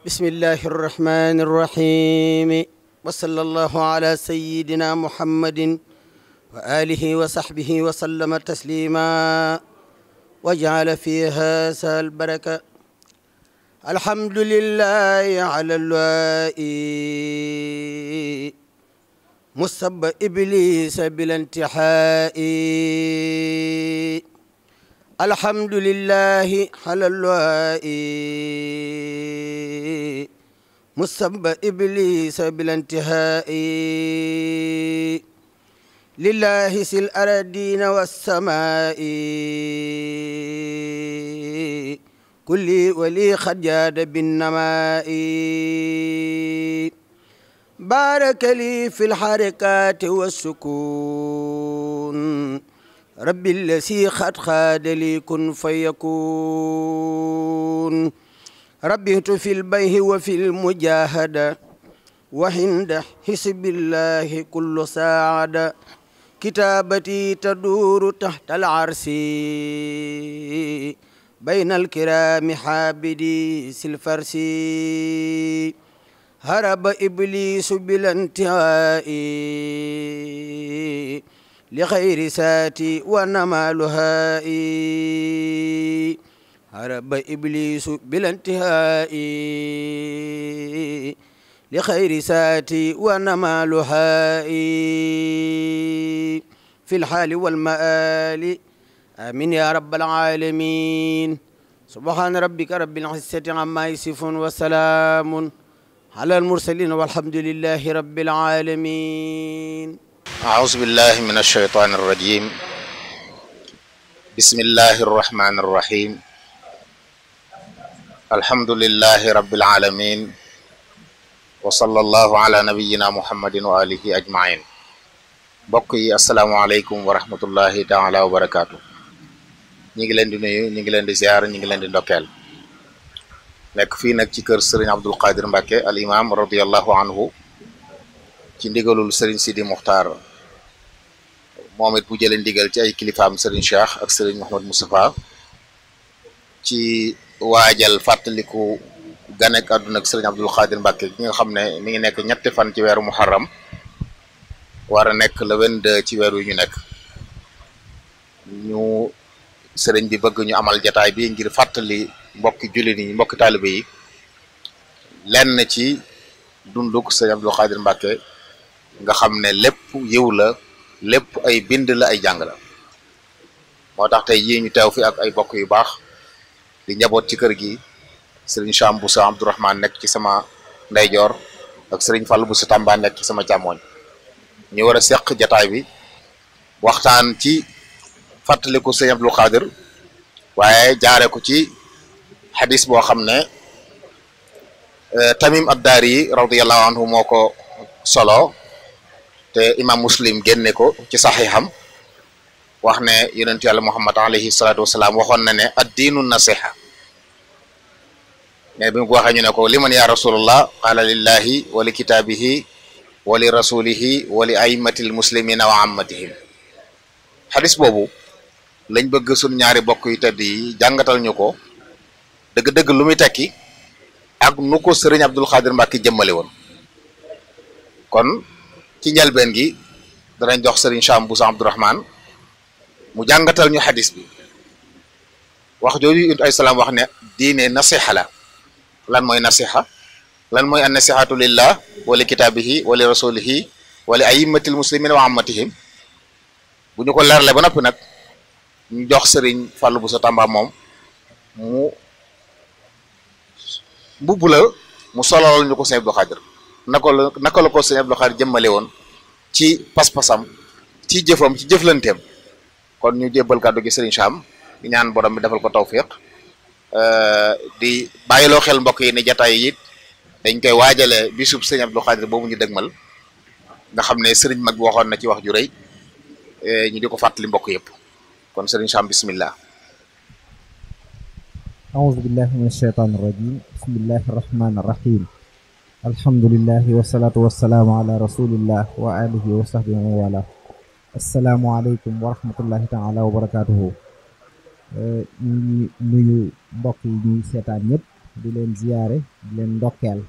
bismillahi arrahmani irrahimi wa salla allahu ala sayidina muhammadin wa alihi wa sahbihi wa sallama taslima wa jaala fiha sal baraka alhamdulillahi ala lwai musaba iblisa bilantihai الحمد لله على اللواء مصب إبليس بلا انتهاء لله سل الأرضين والسماء كل ولي قد جاد بالنماء بارك لي في الحركات والسكون rabbi lasi xat xaadali kun fa yakun rabitu fi wa fi lmujahada wa hinda xisbillahi kullu saada kitaabati taduuru taxta alarsi bayna alkiraami xaabidi silfarsi haraba iblisu bilantihaai li xayri saati wa namaaluhaa'i haraba iblisu bilantihaa'i li xayri saati wa namaaluhaa'i fi lxaali walmaali amin ya rabbal aalamiin subhaana rabbika rabbil izzati ammaa yasifuun wa salaamun alal mursaliin walhamdulillaahi rabbil aalamiin أعوذ بالله من الشيطان الرجيم بسم الله الرحمن الرحيم الحمد لله رب العالمين وصلى الله على نبينا محمد وآله أجمعين بقي السلام عليكم ورحمة الله تعالى وبركاته ñi ngi leen di nuyu ñi ngi leen di ziar ñi ngi leen di ndokkeel nekk fii nag ci kër Serigne Abdou Khadre Mbacké al imam radiyallahu anhu ci ndigalul sëriñ Sidi Muxtaar moom it bu jëlee ndigal ci ay kilifaam Serigne Cheikh ak Serigne Mouhamed Moustapha ci waajal fàttaliku ganek àdduna ak Serigne Abdul Xaadir Mbàkke ki nga xam ne mi ngi nekk ñetti fan ci weeru muharram war nekk le 22 ci weer ñu nekk ñu sëriñ bi bëgg ñu amal jataay bi ngir fàttali mbokki jullit yi mbokki taalibe yi lenn ci dunduk Serigne Abdul Xaadir Mbàkke nga xam ne lépp yiw la lépp ay bind la ay jàng la moo tax tey yii ñu teew fi ak ay bokk yu baax di njaboot ci kër gi sëriñ Cham bu sa Abdourahman nekk ci sama ndeyjoor ak sëriñ Fall bu sa Tamba nekk ci sama càmmooñ ñu war a seq jataay bi waxtaan ci fàttaliku sëriñ Abdul Xaadir waaye jaare ko ci xadis boo xam ne eh, tamim addaar yi radiyallahu anhu moo ko solo te imam muslim génne ko ci saxiixam wax ne yonentu yàlla muhammad alayhi salaatu wasalaam waxoon na ne addiinu nasiha mais bi mu ko waxee ñu ne ko liman ya rasulullah qaala lillahi wa li kitaabihi wa li rasulihi wa li aimati almuslimina wa ammatihim xadis boobu lañ bëgg sun ñaari bokk yu tedd yi jàngatal ñu ko dëgg-dëgg lu muy tekki ak nu ko sëriñ abdul xaadir mbàkki jëmmale woon kon ci njalbeen gi danañ jox sëriñ Cham bu Abdou Rahman mu jàngatal ñu xadis bi wax jooju ay salaam wax ne diine nasiha lan mooy nasiha lan mooy an nasihatu lillah wa li kitaabihi wa li rasulihi wa li ayimatil muslimin wa ammatihim bu ñu ko leerle ba noppi nag ñu jox sëriñ Fallou Bousso Tamba moom mu mbubb la mu solol ñu ko sëñ Abdou Khadir naka la naka la ko sëñ Abdou Khadre jëmmale woon ci pas-pasam ci jëfam ci jëflanteem kon ñu jébbal kàddu gi sëriñ Cham ñaan borom bi defal ko tawfiq euh, di bàyyiloo xel mbokk yi ne jataay yi dañ koy waajale bi bisub sëñ Abdou Khadre boobu ñu dëgmal nga xam ne sëriñ mag bi waxoon na ci wax ju rëy euh, ñu di ko fàttali mbokk yëpp kon sëriñ Cham bismillah aouzu billahi min ashaytani rajim bismillahi rahmani rahim alhamdulilahi wasalaatu wasalaamu ala rasulillah wa alihi wa sahbi wa wala asalaamualeykum wa rahmatullahi taala wa barakatuhu eh, ñu ngi nuyu mbokk yi ñuy seetaan ñëpp di leen ziyaare di leen ndokkeel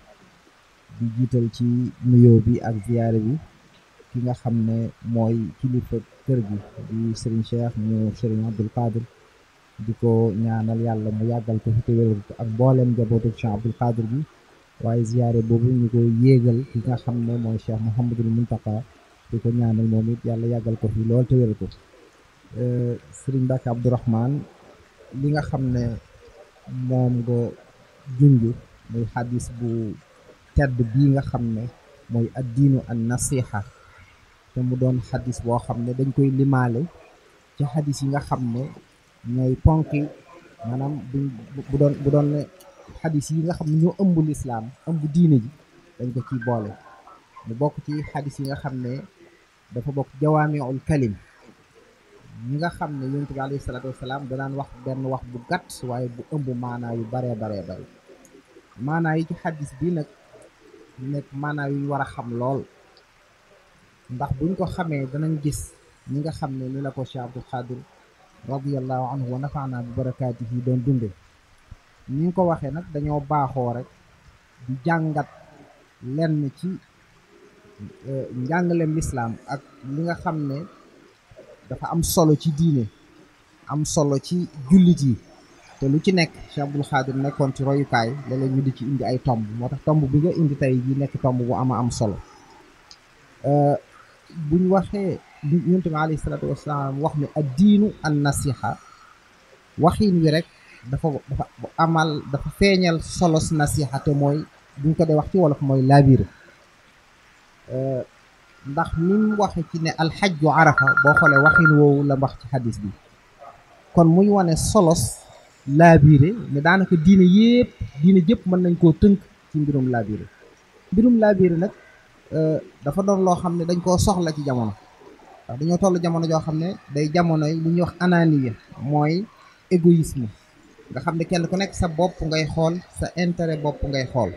di jiital ci nuyoo bi ak ziyaare bi ki nga xam ne mooy kilifa kër gi di Serigne Cheikh ñu Serigne Abdoul Qadir di ko ñaanal yàlla mu yàggal ko fi te wéral ko ak mboolem njabootu Cheikh Abdoul Qadir bi waaye ziyaare boobu ñu koy yéegal ki nga xam ne mooy Cheikh Mouhamadul Muntaka di ko ñaanal moom it yàlla yàggal ko fi lool te wéral ko euh, Serigne Mbacke Abdourahmane li nga xam ne moom nga junj muy xadis bu tedd bii nga xam ne mooy addiinu an nasiha te mu doon xadis boo xam ne dañ koy limaale ci xadis yi nga xam ne ñooy ponki maanaam bu doon bu doon xadis yi nga xam ne ñoo ëmb lislaam ëmb diine ji dañ ko ciy boole mu bokk ci xadis yi nga xam ne dafa bokk jawaamiul kalim ñi nga xam ne yonent bi alayhi salaatu wasalaam danaan wax benn wax bu gàtt waaye bu ëmb maanaa yu baree baree bari maanaa yi ci xadis bi nag nekk maanaa yu war a xam lool ndax buñ ko xamee danañ gis ñi nga xam ne ni la ko Cheikh Abdul Xaadir radiallahu anhu wa nafaana bi barakaatihi doon dunde ni nga ko waxee nag dañoo baaxoo rek di jàngat lenn ci euh, njàngalem lislaam ak li nga xam ne dafa am solo ci diine am solo ci jullit yi te lu ci nekk Cheikh Abdoul Khadir nekkoon ci royukaay léeg-léeg ñu di ci indi ay tomb moo tax tomb bi nga indi tey ji nekk tomb bu ama am solo euh, buñ waxee yonent bi alayhi salaatu wasalaam wax ne ad diinu an nasiha waxiin wi rek dafa dafa amal dafa feeñal solos nasiha te mooy buñ ko dee wax ci wolof mooy laabiire euh, ndax ni mu waxe ci ne alxajju arafa boo xoolee waxin woowu la wax ci xadis bi kon muy wane solos laabiire ne daanaka diine yépp diine jëpp mën nañ koo tënk ci mbirum laabiire mbirum laabiire nag euh, dafa doon loo xam ne dañ koo soxla ci jamono ndax dañoo toll jamono joo xam ne day jamono yi lu ñuy wax ananiya mooy égoïsme nga xam ne kenn ku nekk sa bopp ngay xool sa intérêt bopp ngay xool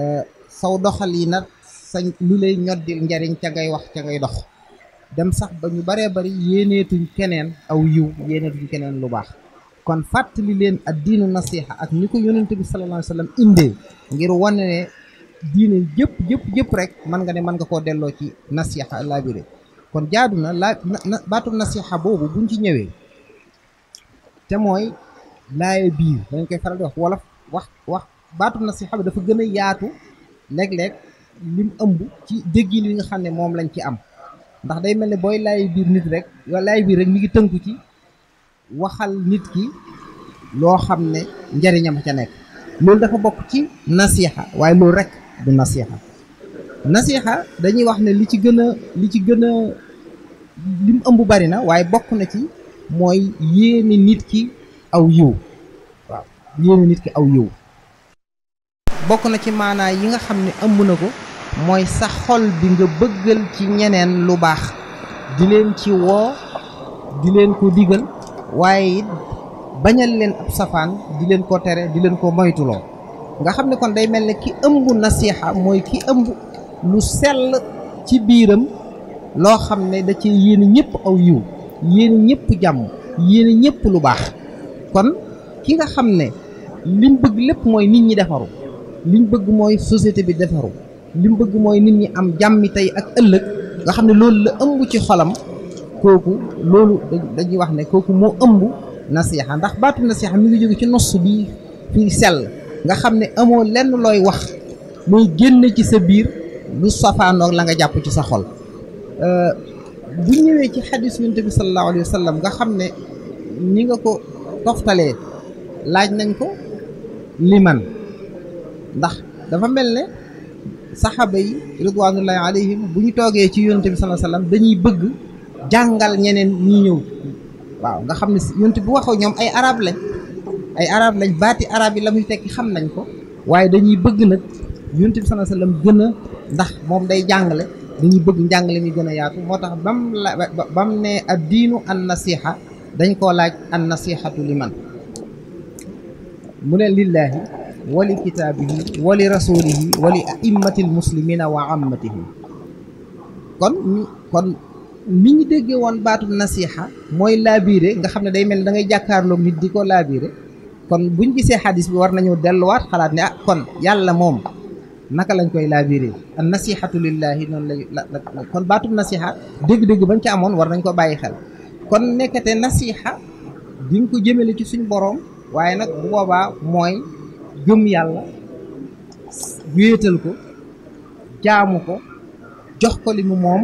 euh, saw doxal yi nag sa lu lay ñoddil njariñ ca ngay wax ca ngay dox dem sax ba ñu baree bari yéeneetuñ keneen aw yiw yéeneetuñ keneen lu baax kon fàttali leen ak diinu nasiha ak ni ko yonent bi sallallahu alayhi wa sallam indee ngir wane ne diine jëpp jëpp rek mën nga ne mën nga koo delloo ci nasiha laabire kon jaadu na baatu nasiha boobu buñ ci ñëwee te mooy laaye biir dañ koy faral di wax wolof wax wax baatu nasiha bi dafa gën a yaatu léeg-léeg lim ëmb ci déggin li nga xam ne moom lañ ci am ndax day mel ni booy laaye biir nit rek wala laaye biir rek mi ngi tënku ci waxal nit ki loo xam ne njariñam ca nekk loolu dafa bokk ci nasiha waaye loolu rek du nasiha nasiha dañuy wax ne li ci gën a li ci gën a lim ëmb bari na waaye bokk na ci mooy yéene nit ki aw yiw waaw yéene aw yiw bokk na ci maanaa yi nga xam ne ëmb na ko mooy sax xol bi nga bëggal ci ñeneen lu baax di leen ci woo di leen ko digal waaye it bañal leen ab safaan di leen ko tere di leen ko moytuloo nga xam ne kon day mel ne ki ëmb nasiixa mooy ki ëmb lu sell ci biiram loo xam ne da ci yéene ñëpp aw yiw yéene ñëpp jàmm yéene ñëpp lu baax kon ki nga xam ne lim bëgg lépp mooy nit ñi defaru lim bëgg mooy société bi defaru lim bëgg mooy nit ñi am jàmmi tey ak ëllëg nga xam ne loolu la ëmb ci xolam kooku loolu dañuy wax ne kooku moo ëmb nasiixa ndax baatu nasiixa mi ngi jóge ci nos bi fii sel nga xam ne amoon lenn looy wax mooy génn ci sa biir lu safaanoog la nga jàpp ci sa xol euh, bu ñëwee ci xadis yonent bi sallallahu alayhi nga xam ne ni nga ko toftalee laaj nañ ko man ndax dafa mel ne saxaaba yi ridwanullahi alayhim bu ñu toogee ci yonente bi sallallahu alayhi dañuy bëgg jàngal ñeneen ñi ñëw waaw nga xam ne si yonente bu waxoo ñoom ay arab lañ ay arab lañ baati arab yi la muy tekki xam nañ ko waaye dañuy bëgg nag yonente bi sallallahu alayhi wasallam gën a ndax moom day jàngale dañuy bëgg njàngale mi gën yaatu moo tax bam la bam ne ad diinu an nasiha dañ ko laaj an nasihatu li man mu ne lillaahi wa kitaabihi wa li rasulihi wa li aimmatil wa ammatihim kon kon ni ñu déggee woon baatu nasiha mooy laabiire nga xam ne day mel ni da ngay jàkkaarloog nit di ko laabiire kon buñ gisee xadis bi war nañoo delluwaat xalaat ne ah kon yàlla moom naka lañ koy laabiire an nasihatu lillaahi noonu la kon baatu nasiha dégg-dégg bañ ci amoon war nañ ko bàyyi xel kon nekkate nasiixa bi nga ko jëmale ci suñ boroom waaye nag bu boobaa mooy gëm yàlla wéetal ko jaamu ko jox ko li mu moom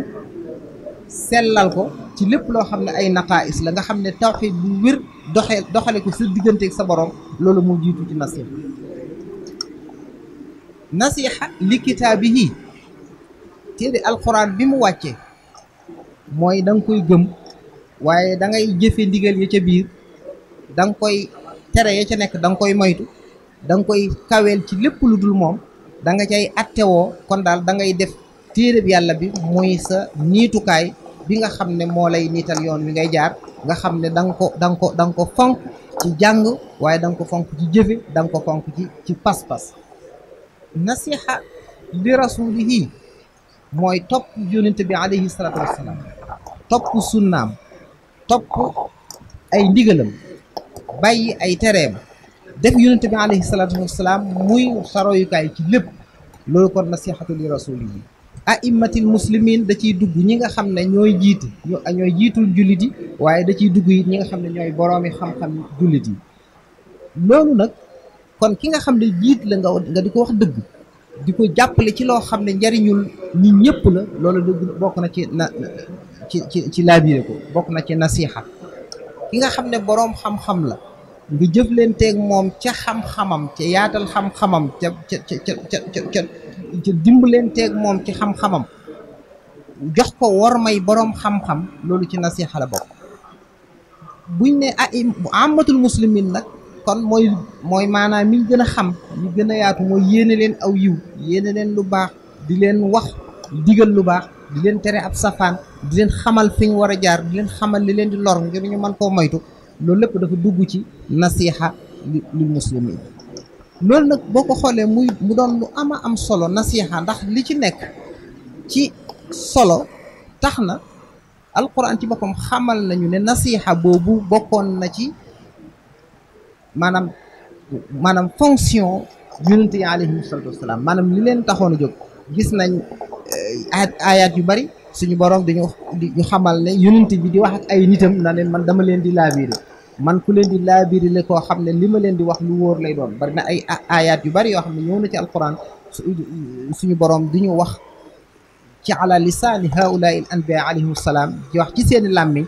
sellal ko ci lépp loo xam ne ay naqaais la nga xam ne tawxiid bu wér doxee doxale ko sa diggante ak sa boroom loolu moo jiitu ci nasiixa nasiixa li kitaabihi téere alxuraan bi mu wàccee mooy danga koy gëm waaye dangay jëfe ndigal ya ca biir da koy tere ya ca nekk danga koy moytu da nga koy kaweel ci lépp lu dul moom danga nga cay attewoo kon daal dangay ngay def téereb yàlla bi muy sa niitukaay bi nga xam ne moo lay niital yoon wi ngay jaar nga xam ne danga ko da ko da ko fonk ci jàng waaye danga ko fonk ci jëfe danga ko fonk ci ci pas-pas nasiha li rasulihi mooy topp yonente bi alayhi salatu wassalam topp sunnaam topp ay ndigalam bàyyi ay tereem def yonent bi alayhi salaatu wasalaam muy sarooyukaay ci lépp loolu kon nasihatu li yi aimatil muslimin da ciy dugg ñi nga xam ne ñooy jiite ñooy jiitul jullit yi waaye da ciy dugg it ñi nga xam ne ñooy boroomi xam-xam jullit yi loolu nag kon ki nga xam ne jiit la nga nga di ko wax dëgg di ko jàppale ci loo xam ne njariñul ñi ñëpp la loolu dëgg bokk na ci na ci ci ci laabire ko bokk na ci nasiixa ki nga xam ne boroom xam-xam la nga jëflanteeg moom ca xam ca yaatal xam-xamam ca ca ca ca ca ca dimbalanteeg moom ci xam-xamam jox ko may boroom xam-xam loolu ci nasiixa la bokk buñ ne ah amatul muslimin nag kon mooy mooy maanaam mi gën a xam ñu gën a yaatu mooy yéene leen aw yiw yéene leen lu baax di leen wax digal lu baax di leen tere ab safaan di leen xamal fi ñu war a jaar di leen xamal li leen di lor ngir ñu man koo moytu loolu lépp dafa dugg ci nasiha li muslimin loolu nag boo ko xoolee muy mu doon lu ama am solo nasiha ndax li ci nekk ci solo tax na alquran ci boppam xamal nañu ne nasiha boobu bokkoon na ci maanaam maanaam fonction yonente yi alayhi salatu wasalaam maanaam li leen taxoon a jóg gis nañ euh, ayat yu bari suñu borom dañu ñu xamal ne yonent bi di wax ak ay nitam na leen man dama leen di laabiire man ku leen di laabiire la koo xam ne li ma leen di wax lu wóor lay doon bari na ay ayat yu bari yoo xam ne ñëw na ci alquran suñu borom di ñu wax ci ala lisaani haulaai l anbiya alayhim salaam di wax ci seeni làmmiñ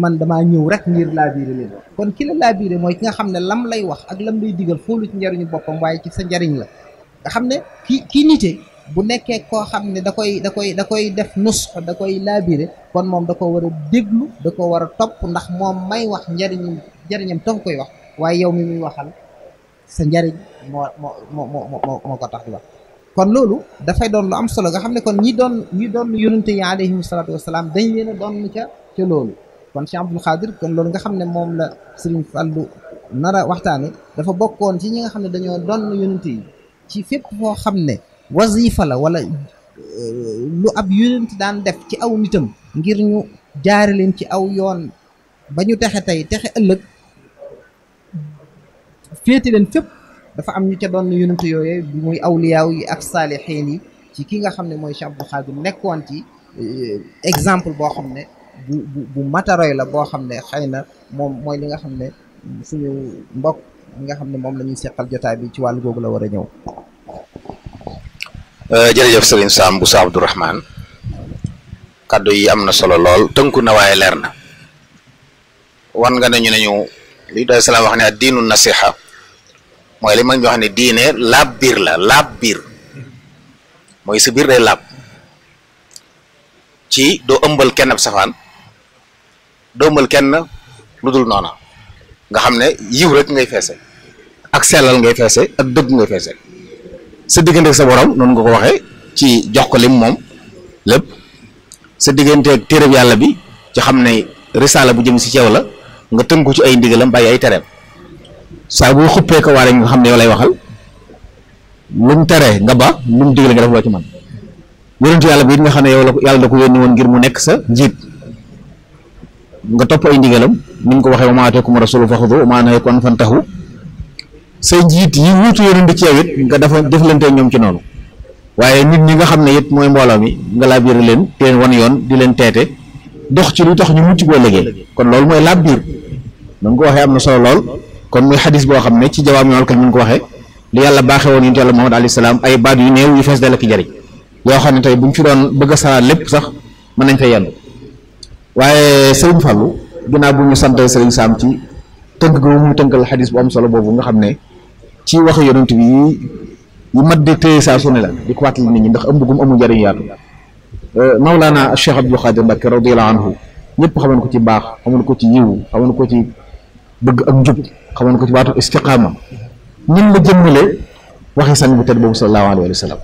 man damaa ñëw rek ngir laabiire leen kon ki la laabiire mooy ki nga xam ne lam lay wax ak lam lay digal foolu ci njariñu boppam waaye ci sa njariñ la nga xam ne ki ki bu nekkee koo xam ne da koy da koy da koy def nus da koy laabire kon moom da ko war a déglu da ko war a topp ndax moom may wax njariñu njariñam tax koy wax waaye yow mi muy waxal sa njariñ moo moo moo moo moo ko tax di wax kon loolu dafay doon lu am solo nga xam ne kon ñi doon ñi doon yonente yi alayhim salaatu wasalaam dañ leen a doon ca loolu kon Cheikh Abdoul Khadir kon loolu nga xam ne moom la Sëriñ Fallu nara waxtaane dafa bokkoon ci ñi nga xam ne dañoo doon yonente yi ci fépp foo xam ne wazifa la wala eh, lu ab yonent daan def ci aw nitam ngir ñu jaare leen ci aw yoon ba ñu texe tey texe ëllëg féete leen fépp dafa am ñu ca doon yonent bi muy awliyaaw yi ak saalixiin yi ci ki nga xam ne mooy Cheikh Abdou Khadre nekkoon ci eh, exemple boo xam ne bu bu bu mataroy la boo xam ne xëy na moom mooy li nga xam ne suñu mbokk li nga xam ne moom la ñuy seqal jotaay bi ci wàllu googu la war a ñëw Euh, jërëjëf Serigne Sam bu Sa Abdourahmane kaddu yi am na solo lool tënku na waaye leer na wan nga ne ñu ne ñu li doy salaam wax ne ak diinu nasiha mooy li mag ñu ne diine laab biir la laab biir mooy si biir day laab ci doo ëmbal kenn ab safaan doo ëmbal kenn lu dul noona nga xam ne yiw rek ngay feese ak sellal ngay feese ak dëgg ngay feese sa digganteeg sa borom noonu nga ko waxee ci jox ko lim moom lépp sa digganteeg téereb yàlla bi ci xam ne risaala bu jëm si ceew la nga ko ci ay ndigalam bàyyi ay tereem saa boo xëppee ko waare nga xam ne yow lay waxal lu mu teree nga ba lu mu digal nga def loo ci man yonentu bi it nga ne yow la yàlla da ko yónni woon ngir mu nekk sa njiit nga topp ay ndigalam ni ko waxee wa maa ataakum rasulu faxudu wa maa nahakum anhu fantahu say njiit yi wuutu yonent ci yow it nga dafa jëflante ñoom ci noonu waaye nit ñi nga xam ne it mooy mbooloo mi nga laabire leen te wan yoon di leen teete dox ci lu tax ñu mucc boo liggéey kon loolu mooy laab biir na nga ko waxee am na solo lool kon muy xadis boo xam ne ci jawaam yool kan mi ngi ko waxee li yàlla baaxee woon yonent yàlla Muhammad alayhi salaam ay baat yu néew yu fees dal ak jariñ yoo xam ne tey bu ñu fi doon bëgg a salaat lépp sax mën nañ fay yendu waaye Sëriñ Fallou ginnaaw bu ñu sant Sëriñ Saam ci tënk ko mu tënkal xadis am solo boobu nga xam ne ci waxu yonent bi yi mat di téye saa su ne la di ko fàttali nit ñi ndax ëmb gum amul njëriñ yaatu euh, Mawlaana Cheikh Abdou Khadir Mbacké radiyallahu anhu ñëpp xamoon ko ci baax xamoon ko ci yiw xamoon ko ci bëgg ak njub xamoon ko ci baatu istiqaama ñun la jëmmale waxi sang bu tedd boobu sallallahu alayhi wa sallam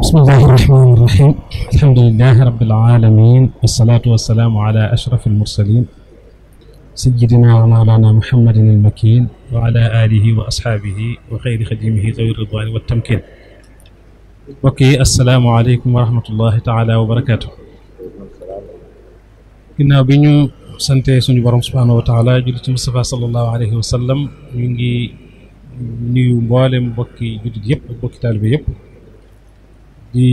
bismillahi rahmaani rahim alhamdulilahi rabbil alamin wasalaatu wasalaamu ala ashraf almursalin سيدنا ومولانا محمد المكين وعلى آله وأصحابه وخير خديمه ذوي الرضوان والتمكين mbokki asalaamaaleykum wa rahmatullahi taala wa barakaatu ginnaaw bi ñu sante suñu borom subhaanahu wa taala julli ci Mustafa sallallahu alayhi wa sallam ñu ngi nuyu mboolem mbokki jullit yëpp ak mbokki taalibe yëpp di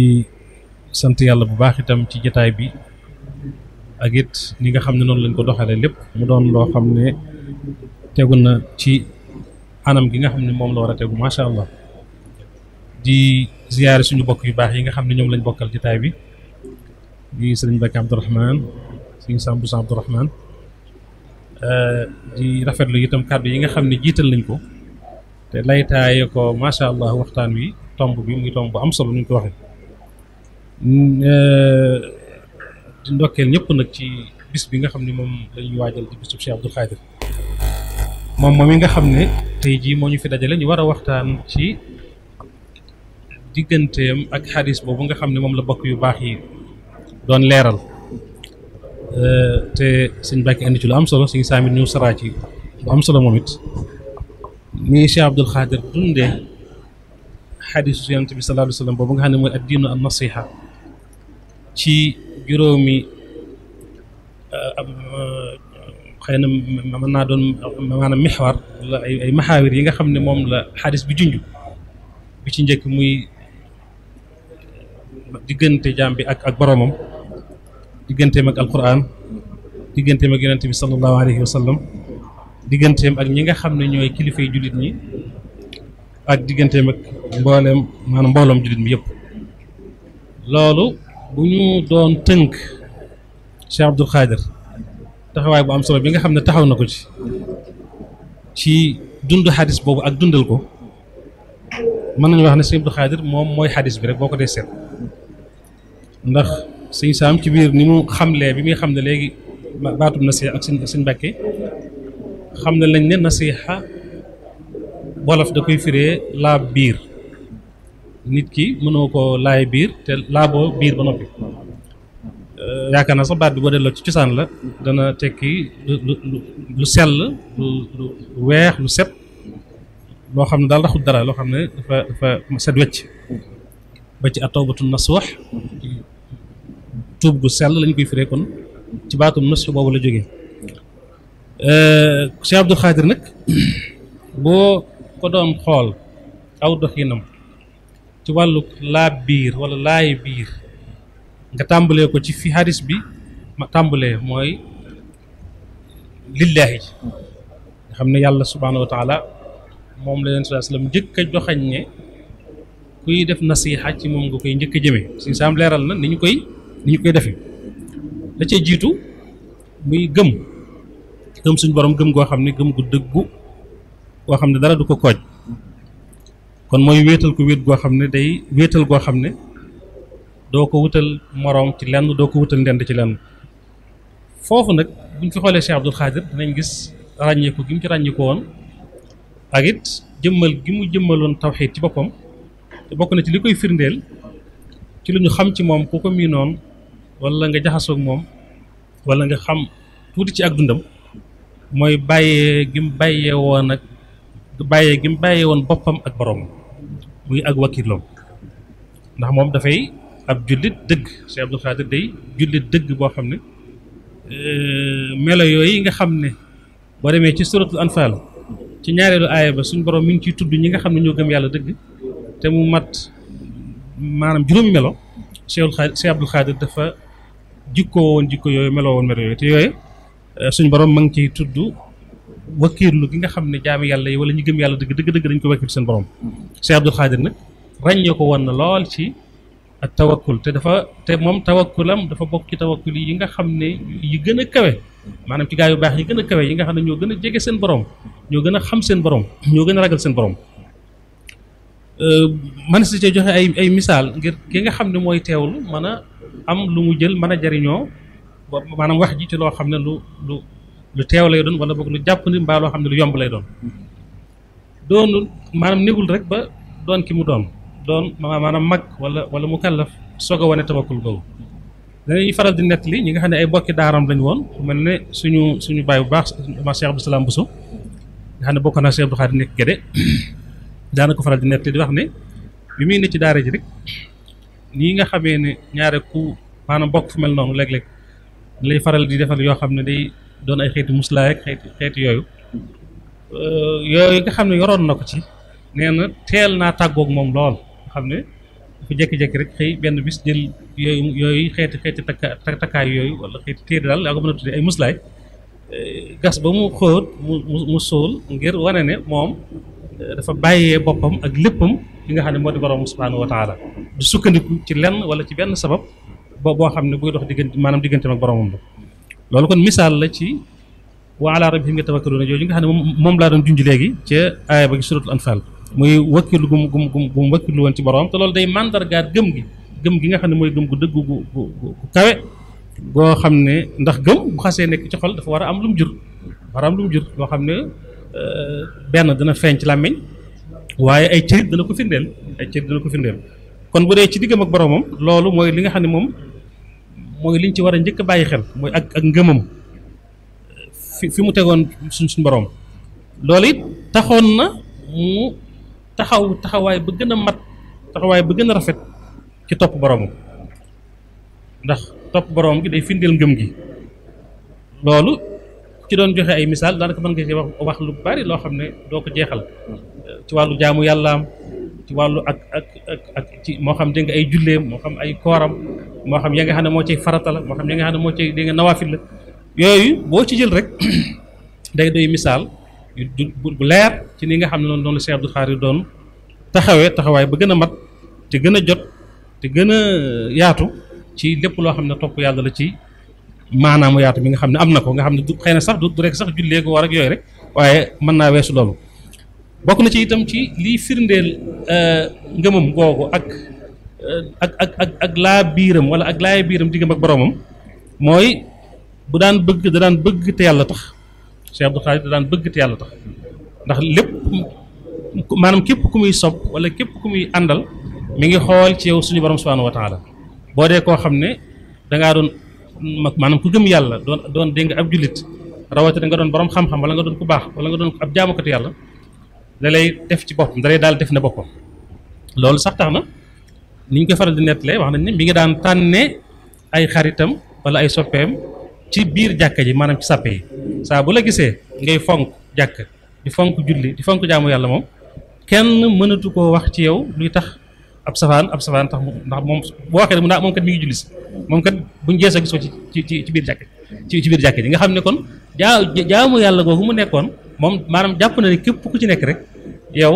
sant yàlla bu baax itam ci jataay bi ak it ñi nga xam ne noonu lañ ko doxalee lépp mu doon loo xam ne tegu na ci anam gi nga xam ne moom la war a tegu macha allah di ziyaare suñu bokk yu baax yi nga xam ne ñoom lañ bokkal ci taay bi di sëriñ Bakka Sambu Sambu Abdourahman di rafetlu itam kàddu yi nga xam ne jiital nañ ko te laytaaye ko macha allah waxtaan wi tomb bi muy tomb bu am solo ni ko waxee. Euh, di ndokkeel ñëpp nag ci bis bi nga xam ne moom la ñuy waajal di bisub Cheikh Abdou moom yi nga xam ne tey jii moo ñu fi dajale ñu war a waxtaan ci digganteem ak xadis boobu nga xam ne moom la bokk yu baax yi doon leeral euh, te sëñ Mbàkke indi ci lu am solo sëñ Saamit ñu saraa ci lu solo moom it nii Cheikh Abdou Khadir dundee xadisu Yonent bi sallallahu alayhi wa sallam boobu nga xam ne mooy ad diinu an nasiha ci juróomi eh, eh, xëy na mën naa doon maanaam mixwar wala ay ay yi nga xam ne moom la xadis bi junj bi ci njëkk muy diggante jaam bi ak ak boroomam digganteem ak alquran digganteem ak yonente bi sallallahu alayhi wa sallam digganteem ak ñi nga xam ne ñooy kilifay jullit ñi ak digganteem ak mbooleem maanaam mbooloom jullit mi yëpp loolu bu ñu doon tënk Cheikh Abdoul Khadir taxawaay bu am solo bi nga xam ne taxaw na ko ci ci dund xadis boobu ak dundal ko mën nañu wax ne sëñ Abdoul Khadir moom mooy xadis bi rek boo ko dee set ndax sëñ Saam ci biir ni mu xamlee bi muy xam ne léegi baatub nasiha ak sëñ sëñ Mbàkke xam ne lañ ne nasiha wolof da koy firee laab biir nit ki mënoo ko laay biir te laaboo biir ba noppi euh, yaakaar naa sax baat bi boo delloo ci cosaan la dana tekki lu lu sell lu lu weex lu set loo xam ne daal raxul dara loo xam ne dafa dafa set wecc ba ci atawbatu nasuux tuub gu sell lañ koy firee kon ci baatum nasuux boobu la jóge euh, Cheikh Abdou Khadir nag boo ko doon xool aw doxinam ci wàllu laab biir wala laay biir nga tàmbalee ko ci fi hadis bi ma tàmbalee mooy lillaahi nga xam ne yàlla subhaanahu wa taala moom la leen salaa sallam njëkk a joxañ ne kuy def nasiixa ci moom nga koy njëkk a jëmee si saam leeral na ni ñu koy ni ñu koy defee la jiitu muy gëm gëm suñu borom gëm goo xam ne gëm gu dëggu goo xam ne dara du ko kooj kon mooy wéetal ko wéet goo xam ne day wéetal goo xam ne doo ko wutal moroom ci lenn doo ko wutal ndend ci lenn foofu nag buñ fi xoolee Cheikh Abdoul Khadir dinañ gis ràññeeku gi mu ci ràññeeku woon ak it jëmmal gi mu jëmmaloon tawxiid ci boppam te bokk na ci li koy firndeel ci lu ñu xam ci moom ku ko miinoon walla nga jaxasoog moom walla nga xam tuuti ci ak dundam mooy bàyyee gi mu bàyyee woon ak bàyyee gi mu bàyyee woon boppam ak borom muy ak wakiloom ndax moom dafay ab jullit dëgg Cheikh Abdou Khadir day jullit dëgg boo xam ne euh, melo yooyu nga xam ne boo demee ci suratul anfal ci ñaareelu aaya ba suñ borom mi ngi ciy tudd ñi nga xam ne ñoo gëm yàlla dëgg te mu mat maanaam juróomi melo Cheikh Abdou Khadir dafa jikkoo woon jikko yooyu meloo woon melo yooyu te yooyu euh, suñ borom ma ngi ciy tudd wakkiirlu gi nga xam ne jaami yàlla yi wala ñu gëm yàlla dëgg dëgg dëgg dañ ko wakkiir seen borom Cheikh Abdou Khadir nag ràññee ko woon na lool ci ak tawakkul te dafa te moom tawakkulam dafa bokk ci tawakkul yi nga xam ne yi gën a kawe maanaam ci gaa yu baax yi gën a kawe yi nga xam ne ñoo gën a jege seen borom ñoo gën a xam seen borom ñoo gën a ragal seen borom euh, man si cee joxe ay ay misaal ngir ki nga xam ne mooy teewul mën a am lu mu jël mën a jariñoo lu teew lay doon wala boog lu jàpp ni mbaa xam ne lu yomb lay doon doonul maanaam négul rek ba doon ki mu doon doon maanaam mag wala wala mu kàllaf soog a wane tabakkul googu dañuy faral di nett li ñi nga xam ne ay bokki daaram lañ woon mel ne suñu suñu baay bu baax ma Cheikh Abdou Salam bokk naa Cheikh Abdou Khadir nekk Gédé ko faral di nett di wax ne bi ci daara ji rek nii nga xamee ne ñaare ku maanaam bokk fu mel noonu léeg-léeg lay faral di defal yoo xam ne day doon ay xeeti muslaay ak xeeti xeeti yooyu euh, yooyu nga xam ne yoroon na ko ci nee na teel naa tàggook moom lool xam ne dafa jékki-jékki rek xëy benn bis jël yooyu yooyu xeeti xeeti takka takkaay yooyu wala xeeti téere daal yaa ko mën a tuddee ay muslaay euh, gas ba mu xóot mu mu suul ngir wane ne moom euh, dafa bàyyee boppam ak léppam li nga xam ne moo di borom subhaanahu wa taala du sukkandiku ci lenn wala ci benn sabab boo boo xam ne buy dox diggante maanaam digganteem ak boromam la loolu kon misaal la ci wa ala rabbihim yatawakkaluuna jooju nga xam ne moom laa doon junj léegi ca aaya ba gi suratul anfal muy wakkilu gum gum gum gum wakkilu woon ci borom te loolu day màndargaat gëm gi gëm gi nga xam ne mooy gëm gu dëgg gu gu gu kawe goo xam ne ndax gëm bu xasee nekk ci xol dafa war a am lu mu jur war a am lu jur loo xam ne euh, benn dana feeñ ci làmmiñ waaye ay cërit dana ko firndeel ay cërit dana ko firndeel kon bu dee ci diggam ak boromam loolu mooy li nga xam ne moom mooy liñ ci war a njëkk bàyyi xel mooy ak ak ngëmam fi fi mu tegoon suñ suñ boroom loolu it taxoon na mu taxaw taxawaay ba gën a mat taxawaay ba gën a rafet ci topp boroomam ndax topp boroom gi day firndeel ngëm gi loolu ci doon joxe ay misaal daanaka mën nga ci wax lu bari loo xam ne doo ko jeexal ci wàllu jaamu yàllaam ci wàllu ak ak ak ci moo xam dëng ay julleem moo xam ay kooram moo xam ya nga xam ne moo cay farata moo xam ya nga xam ne moo cay dégg nga nawaafil la yooyu boo ci jël rek day doy misaal bu leer ci ni nga xam ne noonu noonu la Cheikh Abdou Khadr doon taxawee taxawaay ba gën a mat te gën a jot te gën a yaatu ci lépp loo xam ne topp yàlla la ci maanaamu yaatu bi nga xam ne am na ko nga xam ne du xëy na sax du rek sax jullee ko war ak yooyu rek waaye mën naa weesu loolu bokk na ci itam ci lii firndeel euh, ngëmam googu ak ak ak ak ak laa biiram wala ak laay biiram diggam ak boroomam mooy bu daan bëgg da daan bëgg te yàlla tax Cheikh Abdou Khadre da daan bëgg te yàlla tax ndax lépp maanaam képp ku muy sob wala képp ku muy àndal mi ngi xool ci yow suñu borom subhanahu wa boo dee koo xam ne dangaa doon maanaam ku gëm yàlla doon doon dégg nga ab jullit rawatina nga doon borom xam-xam wala nga doon ku baax wala nga doon ab jaamukati yàlla la def ci boppam da daal def na boppam loolu sax tax na ni ñu ko faral di nettalee wax na ne mi ngi daan tànne ay xaritam wala ay soppeem ci biir jàkka ji maanaam ci sàppe yi saa bu la gisee ngay fonk jàkk di fonk julli di fonk jaamu yàlla moom kenn mënatu koo wax ci yow luy tax ab safaan ab safaan tax ndax moom boo waxee mu naa moom kat mi ngi julli si moom kat buñ jeesoo gis ko ci ci ci biir jàkk ci ci biir jàkk ji nga xam ne kon jaamu yàlla googu mu nekkoon moom maanaam jàpp na ne képp ku ci nekk rek yow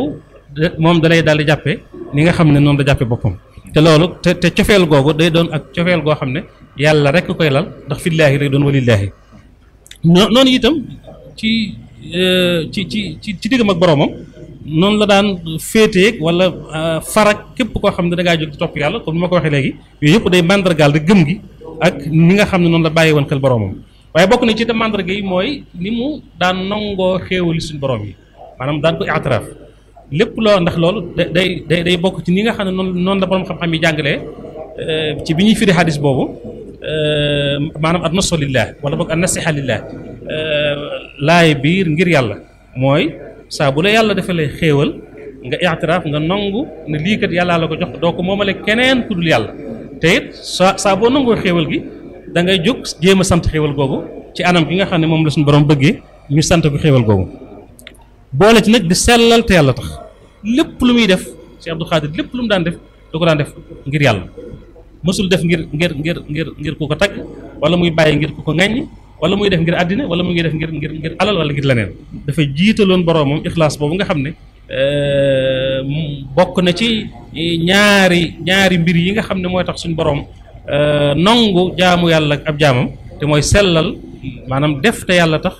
moom dalay daal di jàppee ni nga xam ne noonu la jàppee boppam te loolu te te cofeel googu day doon ak cofeel goo xam ne yàlla rek koy lal ndax fillaahi lay doon walillaahi noonu itam e, ci ci ci ci diggam ak boroomam noonu la daan féeteeg wala e, farak képp koo xam ne da ngaa jóg topp yàlla comme ni ma ko waxee léegi yooyu yëpp day màndargaal rek gëm gi ak ni nga xam ne noonu la bàyyi woon xel boroomam waaye bokk na ci te màndarga yi mooy ni mu daan nangoo xéewali suñu boroom yi maanaam daan ko itiraaf lépp loo ndax loolu day day day bokk ci ni nga xam ne noon noonu la borom xam-xam yi jàngalee euh, ci bi ñuy firi xadis boobu euh, maanaam an nasu lillah wala boog an nasiha lillah euh, laay biir ngir yàlla mooy saa bu la yàlla defalee xéewal nga itiraaf nga nangu ne lii kat yàllaa la ko jox doo ko moomale keneen ku dul yàlla te it saa boo nangoo xéewal gi. da ngay jóg jéem a sant xéewal googu ci anam gi nga xam ne moom la suñu borom bëggee ñu sant ko xéewal googu boole ci nag di sellal te yàlla tax lépp lu muy def Cheikh Abdou Khadir lépp lu mu daan def da ko daan def ngir yàlla mësul def ngir ngir ngir ngir ngir ku ko tagg wala muy bàyyi ngir ku ko ŋàññi wala muy def ngir àddina wala mu ngi def ngir ngir ngir alal wala ngir leneen dafa jiitaloon boroomam ixlaas boobu nga xam ne euh, bokk na ci ñaari ñaari mbir yi nga xam ne mooy tax suñu boroom Euh, nongu jaamu yàlla ab jaamam te mooy sellal maanaam def te yàlla tax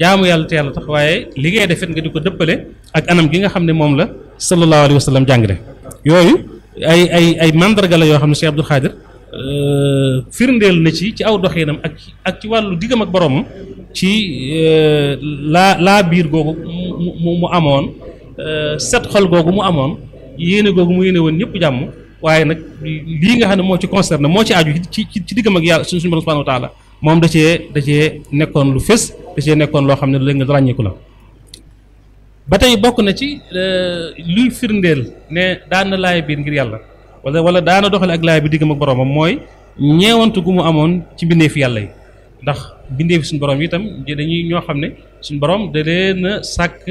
jaamu yàlla te yàlla tax waaye liggéey ngay defet nga di ko dëppale ak anam gi nga xam ne moom la sallallahu alayhi wa sallam yooyu ay ay ay mandarga la yoo xam ne Cheikh Abdou Khadir euh, firndeel na ci ci aw doxinam ak ak ci wàllu diggam ak boromam ci euh, laa laa biir googu mu mu set xol googu mu amoon yéene googu mu yéene woon ñëpp jàmm waaye nag lii nga xam ne moo ci na moo ci aju ci ci diggam ak yàlla suñu suñu borom subhanahu taala moom da cee nekkoon lu fés da cee nekkoon loo xam ne léegi nga ràññeeku la tey bokk na ci euh, luy firndeel ne daana laay biir ngir yàlla wala wala daana doxale ak laay bi digg diggam ak boromam mooy ñeewantu gu mu amoon ci mbindeef yàlla yi ndax mbindeef suñu borom itam dañuy ñoo xam ne suñu borom da leen sàkk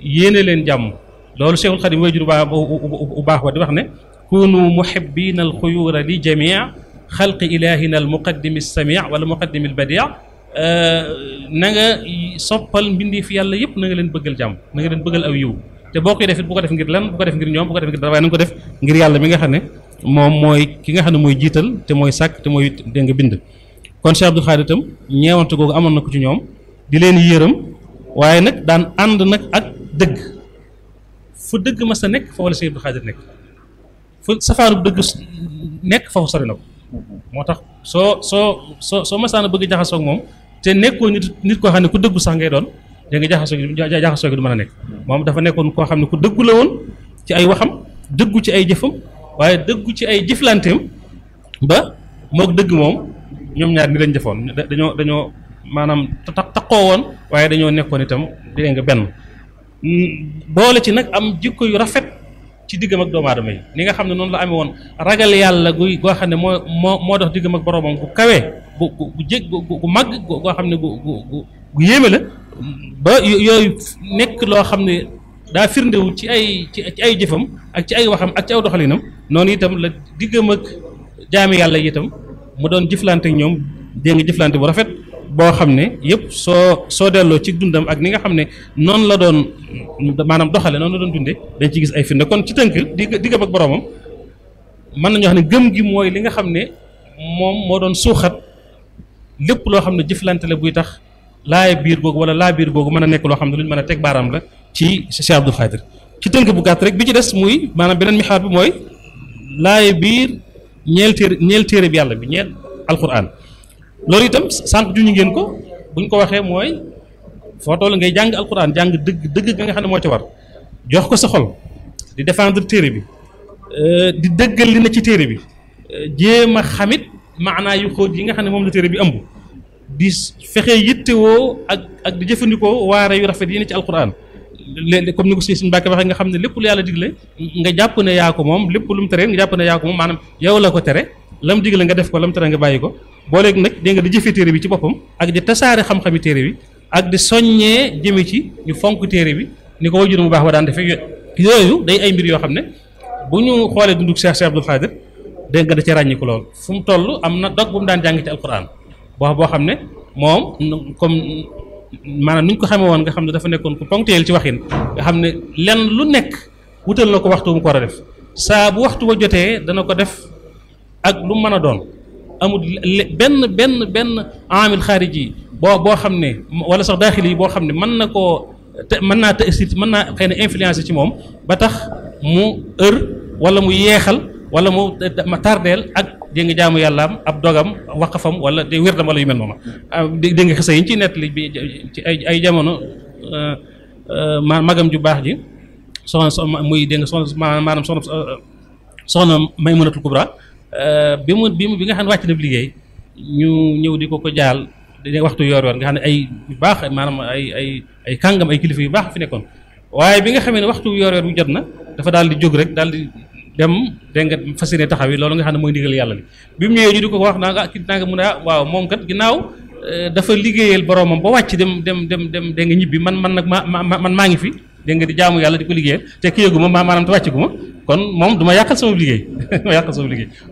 yéene leen jàmm loolu Cheikhul Khadim waajur bu baax ba di wax ne kunu muhibbina alxuyuura li jamia xalqi ilahina almuqaddimi samia wala muqaddimi albadia na nga soppal mbindi fi yàlla yëpp na leen bëggal jàmm na nga leen bëggal aw yiw te boo koy def it bu ko def ngir lan bu ko def ngir ñoom bu ko def ngir dara waaye na ko def ngir yàlla mi nga xam ne moom mooy ki nga xam ne mooy jiital te mooy sàkk te mooy dégg nga bind kon Cheikh Abdou Khadre itam ñeewante googu amoon na ko ci ñoom di leen yërëm waaye nag daan ànd nag ak dëgg fu dëgg ma sa nekk fa wala Cheikh Abdou fa safaanub dëgg nekk foofu sori na ko moo tax soo soo soo soo masaana bëgg jaxasoog moom te nekkoo nit nit koo xam ne ku dëggu sax ngay doon da nga jaxasoo jaxasoo gi du mën a nekk moom dafa nekkoon koo xam ne ku dëggula woon ci ay waxam dëggu ci ay jëfam waaye dëggu ci ay jëflanteem ba moog dëgg moom ñoom ñaar ni lañ jëfoon dañoo dañoo maanaam taqoo woon waaye dañoo nekkoon itam dégg nga benn boole ci nag am jikko yu rafet ci diggam ak doomu aadama yi ni nga xam ne noonu la amee woon ragal yàlla guy goo xam ne moo moo moo dox diggam ak boroomam gu kawe gu gu jég gu màgg goo xam ne gu gu yéeme la ba yooyu nekk loo xam ne daa firndewu ci ay ci ay jëfam ak ci ay waxam ak ci aw doxalinam noonu itam la diggam ak jaami yàlla itam mu doon jëflante ñoom dégg nga jëflante bu rafet boo xam ne yëpp soo soo delloo ci dundam ak ni nga xam ne noonu la doon maanaam doxale noonu la doon dunde dañ ci gis ay firnde kon ci tënk di diggam ak boroomam mën nañu wax ne gëm gi mooy li nga xam ne moom moo doon suuxat lépp loo xam ne jëflante la buy tax laay biir googu wala laa biir googu mën a nekk loo xam ne lu mën a teg baaraam la ci Cheikh Abdou Khadir ci tënk bu gàtt rek bi ci des muy maanaam beneen mixaar bi mooy laay biir ñeel téere bi yàlla bi ñeel alquran loolu itam sànq ñu ngeen ko buñ ko waxee mooy foo toll ngay jàng alquran jàng dëgg dëgg nga xam ne moo ci war jox ko sa di défendre téere bi euh, di dëggal li na ci téere bi euh, jéem a xamit maanaa yu xóot yi nga xam ne moom la téere bi ëmb di fexe yittewoo ak ak di jëfandikoo waare yu rafet yi ne ci alquran léeg comme ni ko Sëñ Mbàkke waxee nga xam ne lépp lu yàlla digle nga jàpp ne yaa ko moom lépp lu mu tere nga jàpp ne yaa ko moom maanaam yow la ko tere la mu digle nga def ko la mu tere nga bàyyi ko booleeg nag dégg nga di jëfe téere bi ci boppam ak di tasaare xam-xami téere bi ak di soññee jëme ci ñu fonk téere bi ni ko wajur mu baax ba daan defee yooyu day ay mbir yoo xam ne bu ñu xoolee dundug Cheikh Cheikh Abdoul Khadir da ca ràññiku lool fu mu toll am na dog bu daan jàng ci alquran boo boo xam ne moom comme maanaam ni ko xamee woon nga xam ne dafa nekkoon ku ponctuel ci waxin nga xam ne lenn lu nekk wutal na ko waxtu war a def saa bu waxtu ba jotee dana ko def ak lu mën a doon amul benn benn benn amil xaariji yi boo boo xam ne wala sax daaxili yi boo xam ne mën na ko te mën naa tësit mën naa xëy na influencé ci moom ba tax mu ër wala mu yeexal wala mu tardeel ak jëng nga jaamu yàllaam ab dogam waqafam wala de wérdam wala yu mel noonu ah, dégg nga xisa yi ci nettali bi ci ay ay jamono euh, ma magam ju baax ji soxna muy dégg nga soxna maanaam soxna soxna Maymunatul Kubra Euh, bi mu bi mu bi nga xam ne wàcc na liggéey ñu ñëw di ko ko jaal di waxtu yoor yoor nga xam ne ay yu baax maanaam ay ay ay kàngam ay kilifa yu baax fi nekkoon waaye bi nga xamee ne waxtu yoor yoor bu jot na dafa daal di jóg rek daal di dem dégg nga fas taxaw yi loolu nga xam ne mooy ndigal yàlla li bi mu ñëwee ñu di ko wax naa nga ki naa nga mun a ah, waaw moom kat ginnaaw euh, dafa liggéeyal boromam ba wàcc dem dem dem dem dégg ñibbi man man nag ma man maa ngi fi dégg di jaamu yàlla di ko liggéeyal te ki yëgu ma maanaam te wàcc ma kon moom du ma yàqal sama liggéey du ma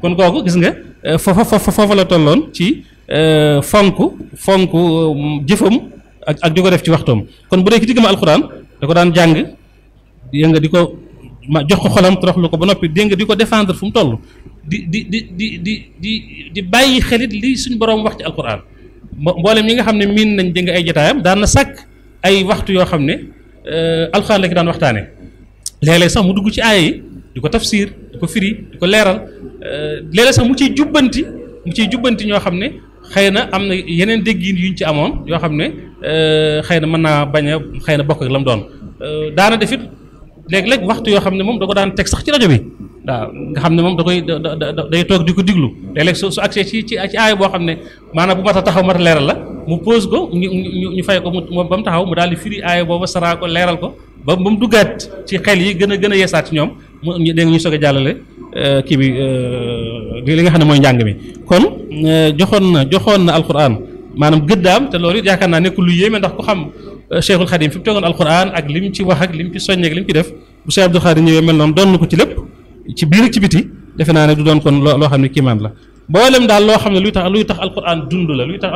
kon kooku gis nga foofa euh, foofa foofa la tolloon ci euh, fonk fonk euh, jëfam ak ak di def ci waxtoom kon bu dee ki digg ma alxuraan da ko daan jàng dégg nga di ko ma jox ko xolam ko ba noppi dégg nga di ko défendre fu mu toll di di di di di di di bàyyi xelit li suñu boroom wax ci alxuraan mboolem ñi nga xam ne miin nañ dégg ay jotaayam daan na sàkk ay waxtu yoo xam ne. Euh, alxuraan la ki daan waxtaane léeg sax mu dugg ci aaya yi di ko tafsir di ko firi di ko leeral euh, léeg-léeg sax mu ciy jubbanti mu ciy jubbanti ñoo xam ne xëy na am na yeneen déggin yuñ ci amoon yoo xam ne euh, xëy na mën naa bañ a xëy na bokk la mu doon daana defit léeg-léeg waxtu yoo xam ne moom da ko daan teg sax ci rajo bi waaw nga xam ne moom da koy day toog di ko diglu léeg-léeg su su agsee ci ci aaya boo xam ne maanaam bu mat a taxaw mat a leeral la mu pose ko ñu ñu ñu fay ko mu ba mu taxaw mu daal di firi booba saraa ko leeral ko ba ba mu duggaat ci xel yi gën a gën a yeesaat ci ñoom mu dégg ñu soog a jàllale euh, kii bi euh, li nga xam ne mooy njàng mi kon euh, joxoon na joxoon na al alquran maanaam gëddaam te loolu it yaakaar naa nekk lu yéeme ndax ku xam Cheikhul Khadim fi mu tegoon alquran ak lim ci wax ak lim ci soññee lim ci def bu Cheikh Abdoul Khadim ñëwee mel noonu doon na ko ci lépp ci biir ak biti defe naa ne du doon kon loo xam ne kiimaan la boolem daal loo xam ne luy dund la luy tax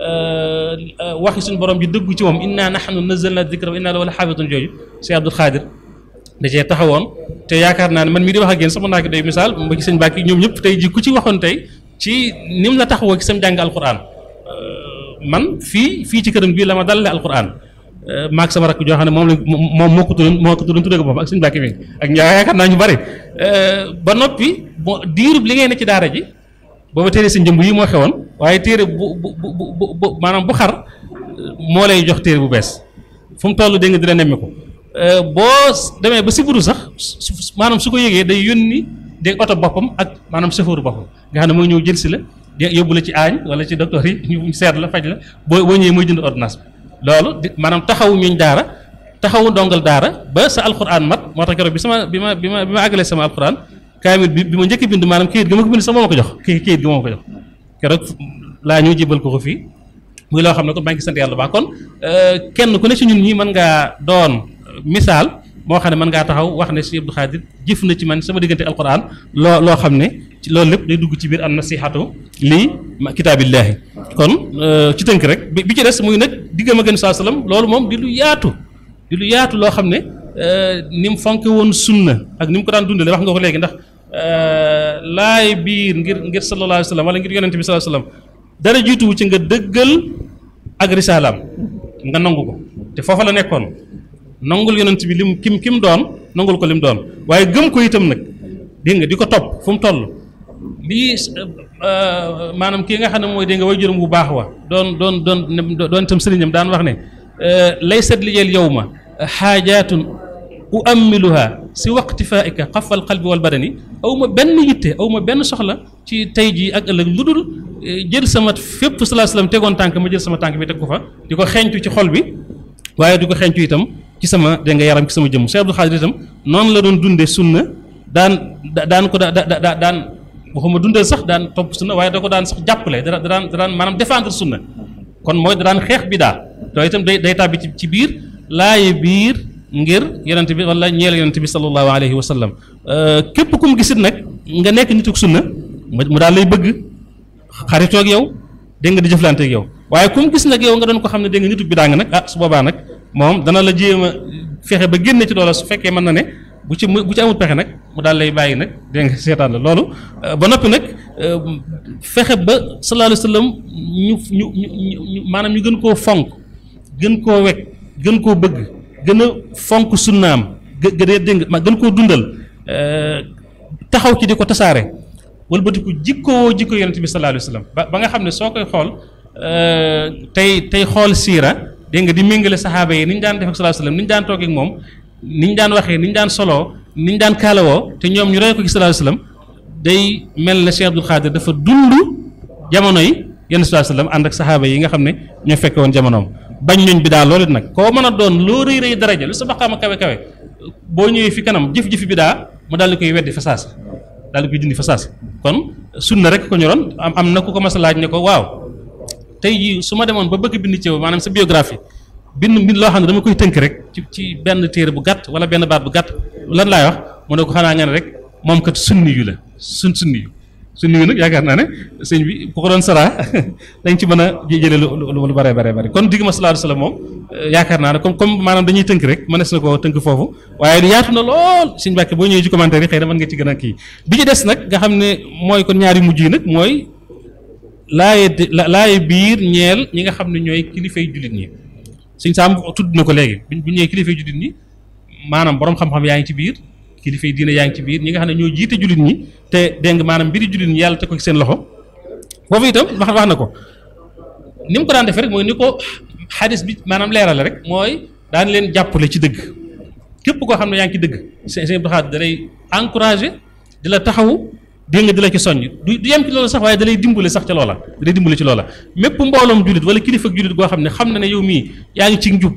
Euh, euh, waxi suñu borom ji dëggu ci moom inna nahnu nazzalna dikra wa inna lahu lahafidun jooju Cheikh Abdoul Khadir da cee taxawoon te yaakaar naa ne man mii di wax a yéen sama naa ko day misaal ba ci sëñ Mbàkke ñoom ñëpp tey ji ku ci waxoon tey ci ni mu la taxawoo ci sam jàng alquran euh, man fii fii ci këram bii la ma dalale alquran maag sama rakk joo xam ne moom la moom moo ko tuddoon moo ko tuddoon tuddee ko boppam ak ak ñaa yaakaar naa ñu bari ba noppi diirub li ngay ne ci daara ji booba téere seen jëmb yi moo xewoon waaye téere bu bu bu bu maanaam bu xar moo lay jox téere bu bees fu mu toll dégg nga di la nemmi ko euh, boo demee ba siburu sax maanaam su ko yëgee day yónni dégg oto boppam ak maanaam chauffeur boppam nga xam ne mooy ñëw jël si la yóbbu la ci aañ wala ci docteur yi ñu seet la faj la boo boo ñëwee mooy jënd ordonnance bi loolu di maanaam taxawu ñuñ daara taxawu dongal daara ba sa alxuraan mat moo tax keroog bi sama bi ma bi ma bi ma àggalee sama alxuraan kaamil bi ma njëkk bind maanaam kayit gi ma ko ko jox kayit gi keroog laa ñu jébal ko ko fii muy loo xam ne kon maa ngi sant yàlla baax kon euh, kenn ku ne si ñun ñi man ngaa doon misaal moo xam ne man ngaa taxaw wax ne si Abdou Khadir jëf na ci man sama diggante alquran loo loo xam ne ci loolu lépp day dugg ci biir an nasihatu lii kitaabillaahi kon euh, ci tënk rek bi ci des muy nag diggam a gën saa salaam loolu moom di lu yaatu di lu yaatu loo xam ne euh, ni mu fonke woon sunna ak ni mu ko daan dundale wax nga ko léegi ndax Euh, laay biir ngir ngir sallallahu alayhi wala ngir yonente bi sallallahu alayhi wa sallam dara jiituwu ci nga dëggal ak risaalaam nga nangu ko te foofa la nekkoon nangul yonent bi lim kim kim doon nangul ko lim doon waaye gëm ko itam nag dégg nga di ko topp fu mu toll lii euh, euh, maanaam kii nga xam ne mooy dégg nga way juróom bu baax wa doon doon doon doon itam sëriñam daan wax ne laysat liyal yawma xaajaatun u ammiluha si waqti faa ika xafal xalbi wal badani aw ma benn yitte aw ma benn soxla ci tey jii ak ëllëg lu dul eh, jël sama fépp salaa salaam tegoon tànk ma jël sama tànk bi teg ko fa di ko xeeñcu ci xol bi waaye di ko xeeñcu itam ci sama dégg nga yaram ci sama jëmm Cheikh Abdou Khadir itam noonu la doon dundee sunna daan daan ko da da daan waxuma dundal sax daan topp sunna waaye da ko daan sax jàppale da daan da daan maanaam défendre sunna kon mooy da daan xeex bi daa loolu itam day day tàbbi ci biir laaye biir. ngir yonent bi wala ñeel yonent bi sallallahu alayhi wa sallam euh, képp kum gisit nag nga nekk nituk sunna mu daal lay bëgg xaritoo ak yow dégg nga di jëflante ak yow waaye kum gis nag yow nga doon ko xam ne dégg nga nituk bi daa nga nag ah su boobaa nag moom dana la jéem a fexe ba génne ci loola su fekkee mën na ne bu ci bu ci amul pexe nag mu daal lay bàyyi nag dégg nga seetaan la loolu euh, ba noppi nag euh, fexe ba sallallahu alayhi wa sallam ñu ñu ñu maanaam ñu gën koo fonk gën koo wekk gën koo bëgg gën a fonk sunnaam gën a dégg ma gën koo dundal euh, taxaw ci di ko tasaare walbatiku jikkoo jikko yonent bi sallallahu alayhi ba nga xam ne soo koy xool euh, tey tey xool siira dégg nga di méngale saxaaba yi ni ñu daan def ak sallallahu alayhi ni ñu daan toogee moom ni ñu daan waxee ni ñu daan soloo ni ñu daan kaalawoo te ñoom ñu roy ko ci sallallahu alayhi wa sallam day dafa dund jamono yi yonent bi sallallahu alayhi saxaaba yi nga xam ne ñoo fekke woon jamonoom bañ nañ bidaa loolu it nag koo mën a doon loo rëy rëy daraja lu sa maqaama kawe kawe boo ñëwee fi kanam jëf-jëfi bidaa mu daal di koy weddi fa saas daal koy dindi fa kon kon sunna rek ko ñoroon am am na ku ko mas a laaj ne ko waaw tey jii su ma demoon ba bëgg bind ci maanaam sa biographie bind bind loo xam ne dama koy tënk rek ci ci benn téere bu gàtt wala benn baat bu gàtt lan laay wax mu ne ko xanaa ngeen rek moom kat sunni la sun sunni su nuyu nag yaakaar naa ne sëñ bi ku ko doon saraa dañ ci mën a jëlee lu lu lu bare bare bare kon digg ma salaatu salaam moom euh, yaakaar naa ne comme comme maanaam dañuy tënk rek mënees na koo tënk foofu waaye yaatu na lool sëñ Mbàkke boo ñëwee ci commentaire yi xëy na mën nga ci gën a kii bi ñu des nag nga xam ne mooy kon ñaari mujj yi nag mooy laaye laaye biir ñeel ñi nga xam ne ñooy kilifay jullit ñi sëñ Saam tudd na ko léegi bu ñëwee kilifay jullit ñi maanaam borom xam yaa ngi ci biir. kilifa yi diine yaa ngi ci biir ñi nga xam ne ñoo jiite jullit ñi te dégg nga maanaam mbiri jullit ñi yàlla te ko ci seen loxo foofu itam wax wax na ko ni mu ko daan defee rek mooy ni ko xadis bi maanaam leerale rek mooy daan leen jàppale ci dëgg képp koo xam ne yaa ngi ci dëgg seen seen doxaat da lay di la taxawu dégg nga di la ci soññ du du yem ci loola sax waaye da lay dimbale sax ca loola da lay ci loola mépp mbooloom jullit wala kilifa ak jullit goo xam ne xam na ne yow mii yaa ngi ci njub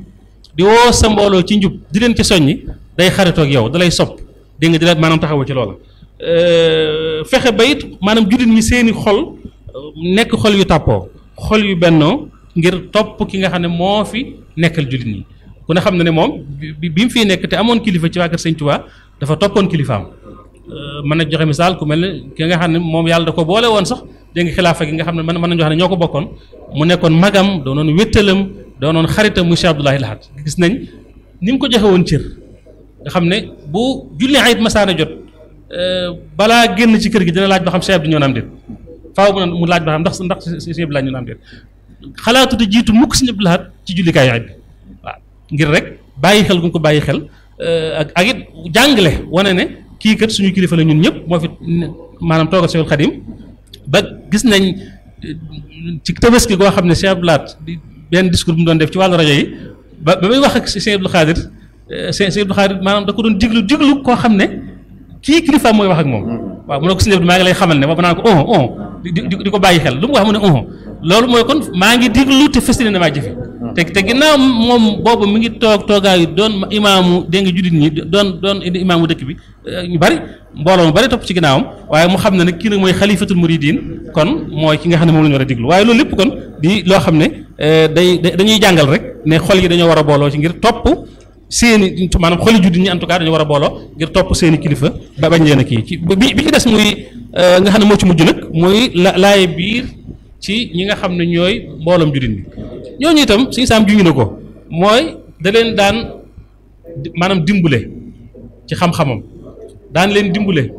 di woo sa mbooloo ci njub di leen ci soññi day xaritoog yow da lay sopp dégg nga di la maanaam taxawu ci loola euh, fexe ba it maanaam jullit ñi seeni xol euh, nekk xol yu tàppoo xol yu bennoo ngir topp ki nga xam ne moo fi nekkal jullit ñi ku ne xam na ne moom bi bi nekk te amoon kilifa ci waa kër Sëñ Tuubaa dafa toppoon kilifaam euh, mën na joxe misaal ku mel ne ki nga xam ne moom yàlla da ko boole woon sax dégg nga xilaafa gi nga xam ne mën mën na wax ne ñoo ko bokkoon mu nekkoon magam doonoon wéttalam doonoon xaritam mu Cheikh Abdoulahi Lahad gis nañ ni mu ko joxe woon cër nga xam ne bu julli ayit masaana jot euh, balaa génn ci kër gi dina laaj ba xam ceeb di ñoo naam déet faaw mu mu laaj ba xam ndax ndax ceeb laaj ñoo naam déet xalaatute jiitu mukk si ñëpp laaj ci jullikaay ayit bi waaw ngir rek bàyyi xel gu ko bàyyi xel euh, ak ak it jàngale wane ne kii kat suñu kilifa la ñun ñëpp moo fi maanaam toogal Seexul Xadim ba gis nañ euh, ci tabaski goo xam ne ceeb laat di benn discours bu mu doon def ci wàllu rajo yi ba ba muy wax ak Seex Abdul Xaadir Euh, sëñ Abdou Khadre maanaam da ko doon diglu diglu koo xam ne kii kilifa mooy wax ak moom waaw mu ne ko sëñ Abdou maa ngi lay xamal ne ba naan ko on oh, oh, bàyyi xel lu mu wax mu ne oh, maa ngi diglu te fës na maa jëfe te te ginnaaw moom boobu mi ngi toog toogaay doon imaamu dégg nga jullit ñi doon doon imaamu dëkk bi euh, bari mbooloo mu bari topp ci ginnaawam waaye mu xam ne nag kii nag mooy xalifatul muridin kon mooy ki nga xam ne moom la ñu war a diglu waaye loolu lépp kon di loo xam ne euh, day dañuy jàngal rek ne xol yi dañoo war a booloo ci ngir topp seeni maanaam xoli juddi ñi en tout cas dañu war a booloo ngir topp seeni kilifa ba bañ leen a kii ci bi bi ci des muy euh, nga xam ne moo ci mujj nag mooy la laaye biir ci ñi nga xam ne ñooy mbooloom judin bi ñooñu itam suñu saam juñu na ko mooy daleen daan maanaam dimbule ci xam-xamam daan leen dimbule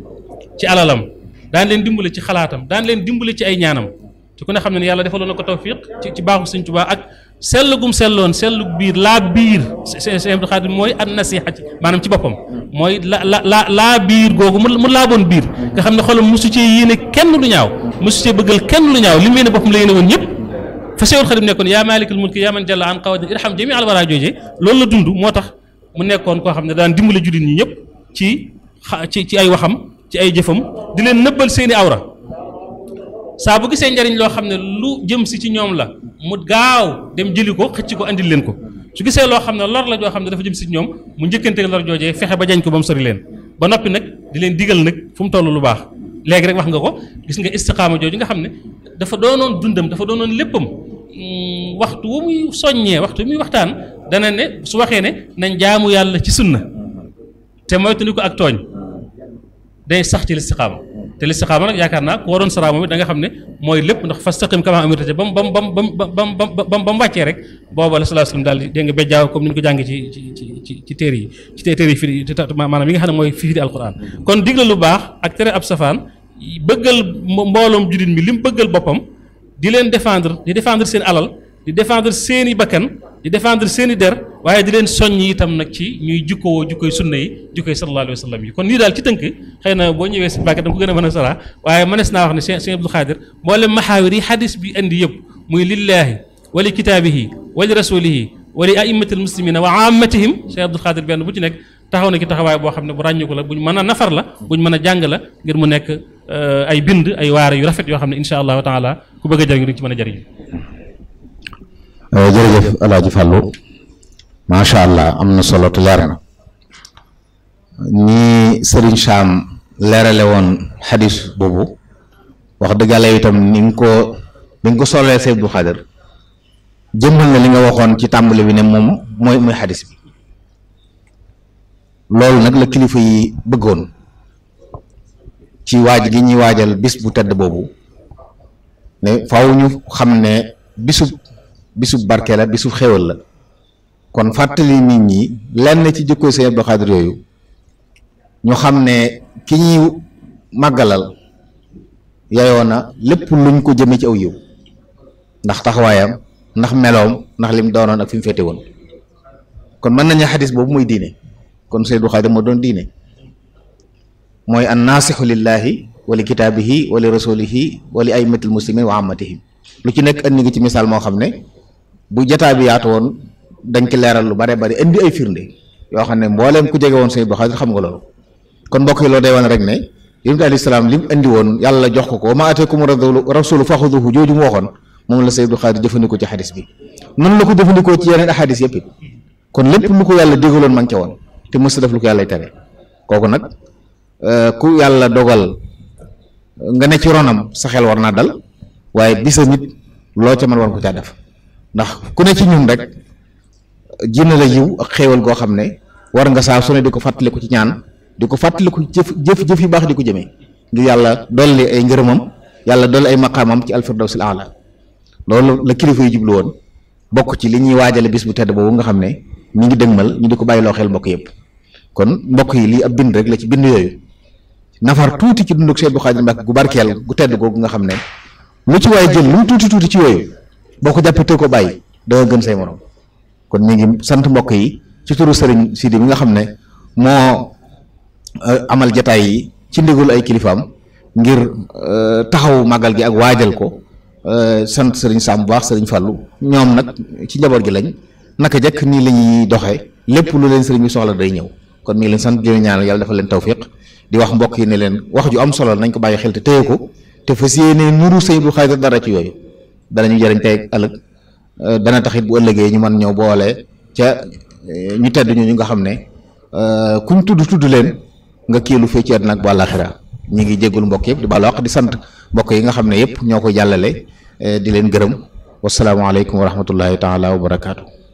ci alalam daan leen dimbule ci xalaatam daan leen dimbule ci ay ñaanam te ku ne xam ne yàlla defaloon na ko tawfiq ci ci baaxu Sëñ ak sell gum selloon sellu biir laa biir Sëñ Abdou Khadre mooy an nasiha ci maanaam ci boppam mooy la la la laa biir googu mu laaboon biir nga xam ne xolam mosu cee yéene kenn lu ñaaw mosu cee bëggal kenn lu ñaaw li mu yéene boppam la yéene woon ñëpp fa Seexul Xadim nekkoon yaa maalikal mulki yaa man jalla an qawadin irham jami al loolu la dund moo tax mu nekkoon koo xam ne daan dimbale jullit ñi ñëpp ci ci ci ay waxam ci ay jëfam di leen nëbbal seeni awra saa bu gisee njariñ loo xam ne lu jëm si ci ñoom la mu gaaw dem jëli ko xëcc ko andil leen ko su gisee loo xam ne lor la joo xam ne dafa jëm si ñoom mu njëkkante lor joojee fexe ba jañ ko ba mu sori leen ba noppi nag di leen digal nag fu mu toll lu baax léegi rek wax nga ko gis nga istiqaama jooju nga xam ne dafa doonoon dundam dafa doonoon léppam mm, waxtu wu muy soññee waxtu wu muy waxtaan dana ne su waxee ne nañ jaamu yàlla ci sunna te moytu ni ko ak tooñ day sax ci listiqaama te listiqaama nag yaakaar naa ku waroon saraa moom it da nga xam ne mooy lépp ndax fastaqim kamaa umirta ba mu ba mu ba mu ba mu ba mu wàccee rek booba la sallallahu daal dégg nga bejjaaw comme ni ko jàng ci ci ci ci yi ci téer yi firi maanaam yi nga xam ne mooy firi alquran kon digle lu baax ak tere ab safaan bëggal mbooloom jullit mi li mu bëggal boppam di leen défendre di défendre seen alal di défendre seeni bakkan di défendre seeni der waaye di leen soññ itam nag ci ñuy jukkowoo jukkoy sunna yi jukkoy sallallahu alayhi wa sallam yi kon nii daal ci tënk xëy na boo ñëwee si Mbàkke dama ko gën a mën a sara waaye mënees naa wax ne Sëñ Abdul Xaadir mboolem maxaawir yi xadis bi indi yëpp muy lillaahi wa li kitaabihi wa li rasulihi wa li aimatil muslimina wa amatihim Sëñ Abdul Xaadir benn bu ci nekk taxaw na ci taxawaay boo xam ne bu ràññiku la buñ mën a nafar la buñ a jàng ngir mu nekk euh, ay bind ay waare yu rafet yoo xam ne incha allahu taala ku bëgg a jëriñu di ci mën a Euh, jërëjëf El Hadj Fallou macha allah am na solo te leer na ni Serigne Cham leerale woon xadis boobu wax dëgg yàlla itam ni nga ko ni nga ko solee Seydi Abdou Khadre jëmmal na li nga waxoon ci tàmbali bi ne moom mooy mooy xadis bi loolu nag la kilifa yi bëggoon ci waaj gi ñuy waajal bis bu tedd boobu ne faaw ñu xam ne bisub bisub barke la bisub xewal la kon fàttali nit ñi lenn ci jikko Sëriñ Abdou Khadre yooyu ñu xam ne ki ñuy màggalal yayoo na lépp luñ ko jëme ci aw yiw ndax taxawaayam ndax meloom ndax lim doonoon ak fi mu féete woon kon mën nañu xadis boobu mooy diine kon Sëriñ Abdou Khadre moo doon diine mooy an naasixu lillahi wa li kitaabihi wa li rasulihi wa li aymatil muslimin lu ci nekk andi ci misaal moo xam ne bu jataa bi yaatu woon dañ ci leeral lu bare bari indi ay firnde yoo xam ne mbooleem ku jege woon sëñ Abdou Khadr xam nga loolu kon mbokk yi loolu day wane rek ne yonent alayhi salaam li mu indi woon yàlla jox ko ko ma ateekum rasulu faxuduhu jooju mu waxoon moom la sëñ Abdou Khadr jëfandikoo ci xadis bi noonu la ko jëfandikoo ci yeneen xadis yëpp kon lépp lu ko yàlla dégaloon ma ngi ca woon te mës def lu ko yàlla tere kooku nag euh, ku yàlla dogal nga ne ci ronam sa xel war naa dal waaye bisa nit loo ca mën war ko caa def ndax ku ne ci ñun rek jinne la yiw ak xéewal goo xam ne war nga saa su ne di ko fàttaliku ci ñaan di ko fàttaliku jëf jëf jëf yu baax di ko jëmee ngir yàlla dolli ay ngërëmam yàlla dolli ay maqaamam ci si aala loolu la kilifa yu jublu woon bokk ci li ñuy waajale bis bu tedd boobu nga xam ne mi ngi dëgmal ñu di ko bàyyi loo xel mbokk yëpp kon mbokk yi lii ab bind rek la ci bind yooyu nafar tuuti ci dunduk Sëriñ Abdou Khadre Mbacké gu barkeel gu tedd googu nga xam ne lu ci waaye jël lu mu boo ko jàppee tëgg ko bàyyi da gën say morom kon ñu ngi sant mbokk yi ci turu sëriñ Sidi bi nga xam ne moo euh, amal jataay yi ci ndigul ay kilifaam ngir euh, taxawu màggal gi ak waajal ko euh, sant sëriñ Sam bu baax sëriñ Fàllu ñoom nag ci njaboot gi lañ naka jëkk nii la ñuy doxee lépp lu leen sëriñ bi soxla day ñëw kon mi ngi leen sant di leen ñaanal yàlla dafa leen tawfiq di wax mbokk yi ne leen wax ju am solo nañ ko bàyyi xel te téye ko te fas yéenee nuru Sëriñ Abdou Khadre dara yooyu. danañu jëriñ tey ëllëg euh, dana taxit bu ëllëgee ñu man ñoo boole ca euh, ñu tedd ñu nga xam ne euh, kuñ tudd tudd leen nga kii lu fecceet nag bu àllaaxira ñu ngi jéggul mbokk yëpp di baalu di sant mbokk yi nga xam ne yëpp ñoo ko jàllale di leen gërëm wasalaamaaleykum wa rahmatullahi taala wa barakaatu.